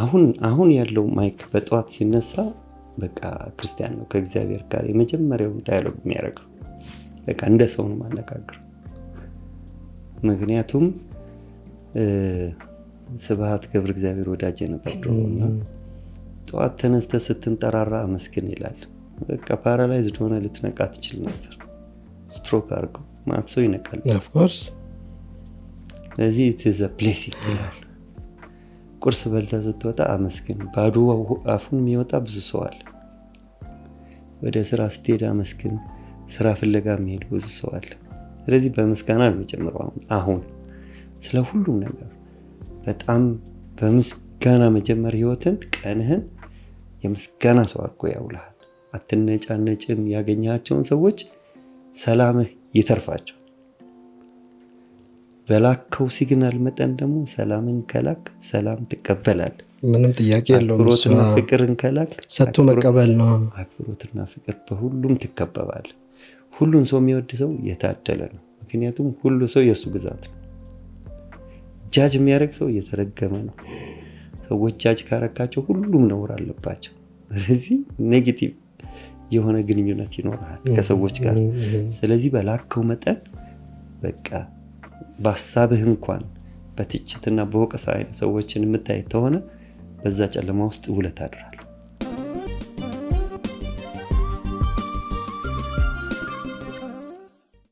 አሁን አሁን ያለው ማይክ በጠዋት ሲነሳ በቃ ክርስቲያን ነው። ከእግዚአብሔር ጋር የመጀመሪያው ዳያሎግ የሚያደርገው በቃ እንደ ሰው ነው ምክንያቱም ስብሃት ገብር እግዚአብሔር ወዳጅ ነበር ጠዋት ተነስተ ስትንጠራራ አመስግን ይላል። በቃ ፓራላይዝ ሆነ ልትነቃ ትችል ነበር። ስትሮክ አርገው ማት ሰው ይነቃል። ስለዚህ ፕሌሲንግ ይላል ቁርስ በልታ ስትወጣ አመስግን። ባዶ አፉን የሚወጣ ብዙ ሰው አለ። ወደ ስራ ስትሄድ አመስግን። ስራ ፍለጋ የሚሄድ ብዙ ሰው አለ። ስለዚህ በምስጋና ነው የሚጨምረው። አሁን ስለ ሁሉም ነገር በጣም በምስጋና መጀመር ህይወትን፣ ቀንህን የምስጋና ሰው አድርጎ ያውልሃል። አትነጫነጭም። ያገኛቸውን ሰዎች ሰላምህ ይተርፋቸው። በላከው ሲግናል መጠን ደግሞ ሰላምን ከላክ ሰላም ትቀበላል። ምንም ጥያቄ የለውም። አክብሮትና ፍቅርን ከላክ ሰጥቶ መቀበል ነው። አክብሮትና ፍቅር በሁሉም ትከበባል። ሁሉን ሰው የሚወድ ሰው የታደለ ነው። ምክንያቱም ሁሉ ሰው የእሱ ግዛት ነው። ጃጅ የሚያደርግ ሰው እየተረገመ ነው። ሰዎች ጃጅ ካረካቸው ሁሉም ነውር አለባቸው። ስለዚህ ኔጌቲቭ የሆነ ግንኙነት ይኖርሃል ከሰዎች ጋር። ስለዚህ በላከው መጠን በቃ በሀሳብህ እንኳን በትችትና በወቀሳ አይነት ሰዎችን የምታይ ከሆነ በዛ ጨለማ ውስጥ ውለት አድራል።